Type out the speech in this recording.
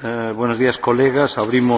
Eh, buenos días colegas abrimos